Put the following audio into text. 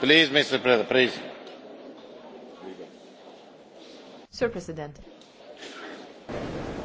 Please, Mr. President, please. Sir President.